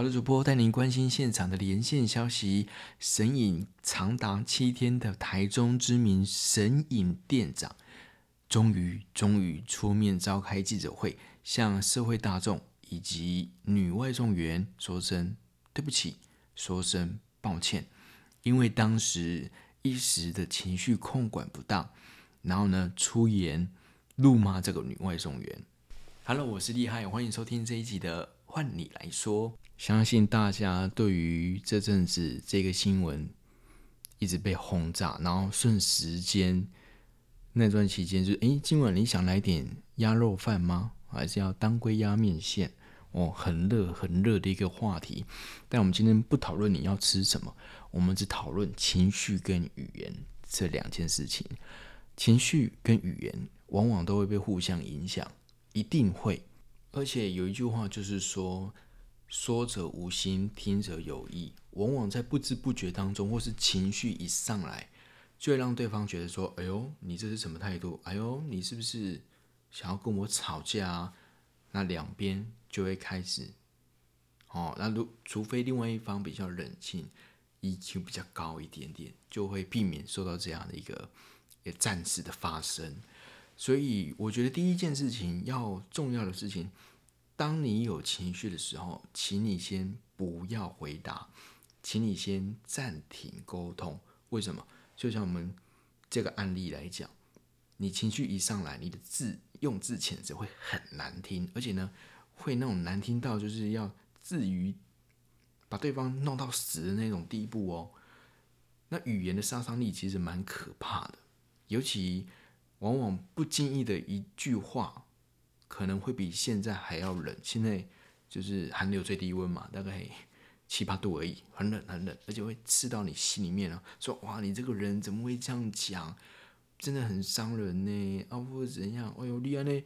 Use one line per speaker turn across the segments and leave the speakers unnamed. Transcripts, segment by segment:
好的，主播帶您關心現場的連線消息。神隱長達七天的台中知名神隱店長，終於終於出面召開記者會，向社會大眾以及女外送員說聲對不起，說聲抱歉，因為當時一時的情緒控管不當，然後呢出言怒罵這個女外送員。哈嘍，我是厲害，歡迎收聽這一集的《換你來說》。相信大家對於這陣子這個新聞一直被轟炸，然後瞬時間那段期間就，就欸，今晚你想來點鴨肉飯嗎？還是要當歸鴨麵線？哦，很熱很熱的一個話題。但我們今天不討論你要吃什麼，我們只討論情緒跟語言這兩件事情。情緒跟語言往往都會被互相影響，一定會。而且有一句話就是說，說者無心，聽者有意。往往在不知不覺當中，或是情緒一上來，就會讓對方覺得說：“哎呦，你這是什麼態度？”“哎呦，你是不是想要跟我吵架啊？”那兩邊就會開始。哦，那如除非另外一方比較冷靜，EQ 比較高一點點，就會避免受到這樣的一個也暫時的發生。所以，我覺得第一件事情要重要的事情。當你有情緒的時候，請你先不要回答，請你先暫停溝通。為什麼？就像我們這個案例來講，你情緒一上來，你的字用字遣詞會很難聽，而且呢，會那種難聽到就是要至於把對方弄到死的那種地步哦。那語言的殺傷力其實蠻可怕的，尤其往往不經意的一句話。可能會比現在還要冷。現在就是寒流最低溫嘛，大概七八度而已，很冷很冷，而且會刺到你心裡面了啊。說哇，你這個人怎麼會這樣講？真的很傷人呢。啊，不怎樣，哎喲，你害呢！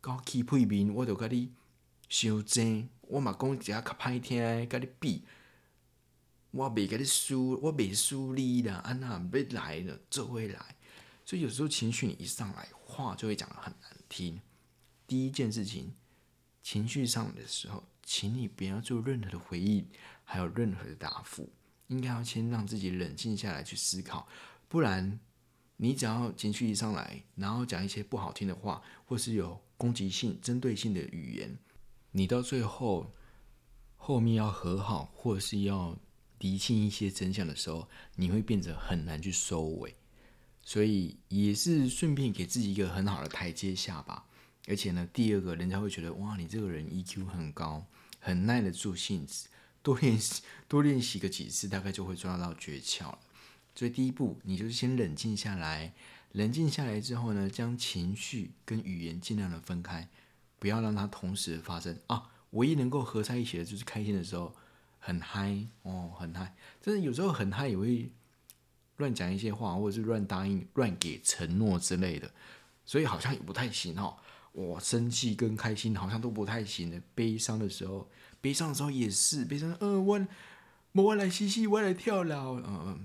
搞氣配面，我就跟你修正，我嘛講一下較歹聽，跟你比，我未跟你輸，我未輸你啦，安那唔來了，就會來。所以有時候情緒一上來，話就會講得很難聽。第一件事情，情緒上的時候，請你不要做任何的回應，還有任何的答復，應該要先讓自己冷靜下來去思考。不然，你只要情緒一上來，然後講一些不好聽的話，或是有攻擊性、針對性的語言，你到最後後面要和好，或是要理清一些真相的時候，你會變得很難去收尾。所以，也是順便給自己一個很好的台階下吧。而且呢，第二個，人家會覺得哇，你這個人 EQ 很高，很耐得住性子。多練習，多練習個幾次，大概就會抓到訣竅了。所以第一步，你就是先冷靜下來。冷靜下來之後呢，將情緒跟語言盡量的分開，不要讓它同時發生啊。唯一能夠合在一起的就是開心的時候，很嗨哦，很嗨。但是有時候很嗨也會亂講一些話，或者是亂答應、亂給承諾之類的，所以好像也不太行哦。我、哦、生氣跟開心好像都不太行的，悲傷的時候，悲傷的時候也是悲傷。嗯、呃，我我來嬉戲，我來跳樓。嗯、呃，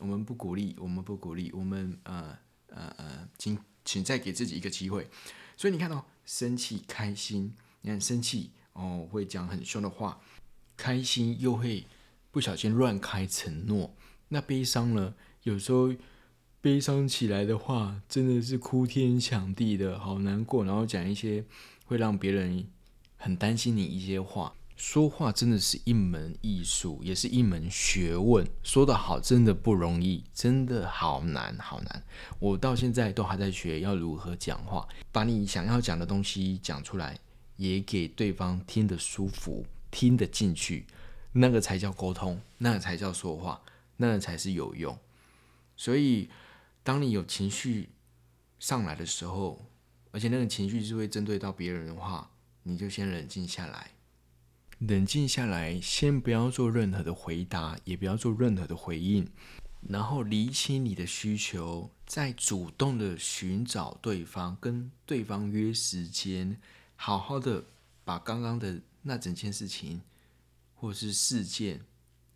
我們不鼓勵，我們不鼓勵，我們呃呃呃，請請再給自己一個機會。所以你看到、哦、生氣、開心，你看生氣哦會講很凶的話，開心又會不小心亂開承諾。那悲傷呢？有時候。悲傷起來的話，真的是哭天搶地的，好難過。然後講一些會讓別人很擔心你一些話。說話真的是一門藝術，也是一門學問。說得好，真的不容易，真的好難，好難。我到現在都還在學要如何講話，把你想要講的東西講出來，也給對方聽得舒服，聽得進去，那個才叫溝通，那個才叫說話，那才是有用。所以。當你有情緒上來的時候，而且那個情緒是會針對到別人的話，你就先冷靜下來，冷靜下來，先不要做任何的回答，也不要做任何的回應，然後理清你的需求，再主動的尋找對方，跟對方約時間，好好的把剛剛的那整件事情或是事件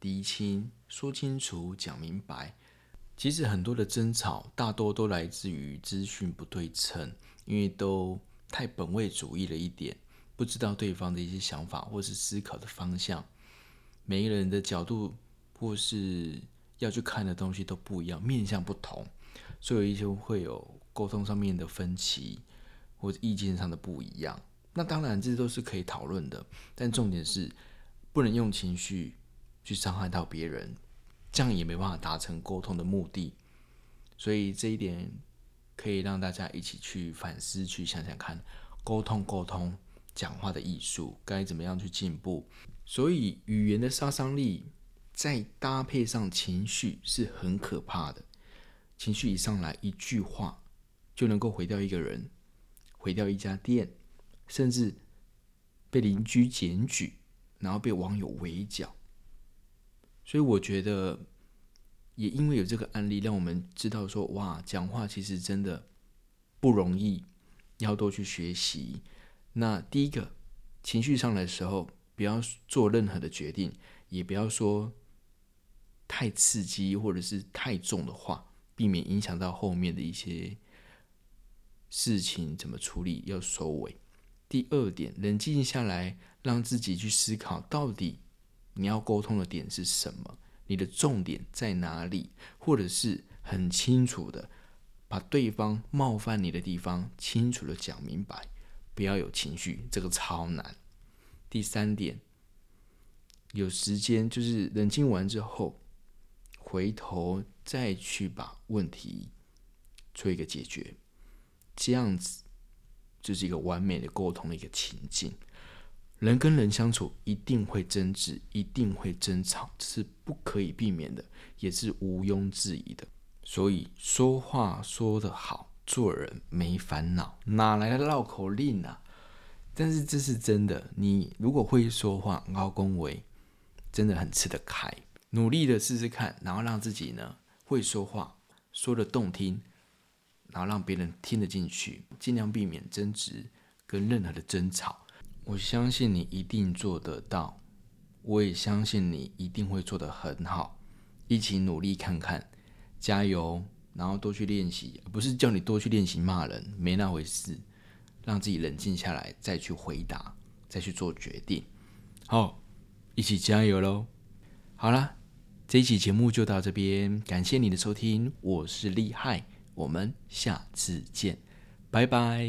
理清，說清楚，講明白。其實很多的爭吵大多都來自於資訊不對稱，因為都太本位主義了一點，不知道對方的一些想法或是思考的方向，每一個人的角度或是要去看的東西都不一樣，面向不同，所以有一些會有溝通上面的分歧或者意見上的不一樣。那當然，這些都是可以討論的，但重點是不能用情緒去傷害到別人。這樣也沒辦法達成溝通的目的，所以這一點可以讓大家一起去反思，去想想看，溝通溝通，講話的藝術該怎麼樣去進步。所以語言的殺傷力，再搭配上情緒是很可怕的。情緒一上來，一句話就能夠毀掉一個人，毀掉一家店，甚至被鄰居檢舉，然後被網友圍剿。所以我覺得，也因為有這個案例，讓我們知道說，哇，講話其實真的不容易，要多去學習。那第一個，情緒上來的時候，不要做任何的決定，也不要說太刺激或者是太重的話，避免影響到後面的一些事情怎麼處理，要收尾。第二點，冷靜下來，讓自己去思考到底。你要溝通的點是什麼？你的重點在哪裡？或者是很清楚的把對方冒犯你的地方清楚的講明白，不要有情緒，這個超難。第三點，有時間就是冷靜完之後，回頭再去把問題做一個解決，這樣子就是一個完美的溝通的一個情境。人跟人相處，一定會爭執，一定會爭吵，這是不可以避免的，也是毋庸置疑的。所以，說話說得好，做人沒煩惱，哪來的繞口令啊？但是這是真的。你如果會說話、高恭維，真的很吃得開。努力的試試看，然後讓自己呢會說話，說得動聽，然後讓別人聽得進去，盡量避免爭執，跟任何的爭吵。我相信你一定做得到，我也相信你一定會做得很好，一起努力看看，加油，然後多去練習，不是叫你多去練習罵人，沒那回事，讓自己冷靜下來，再去回答，再去做決定，好，一起加油嘍！好啦，這一期節目就到這邊，感謝你的收聽，我是厲害，我們下次見，拜拜。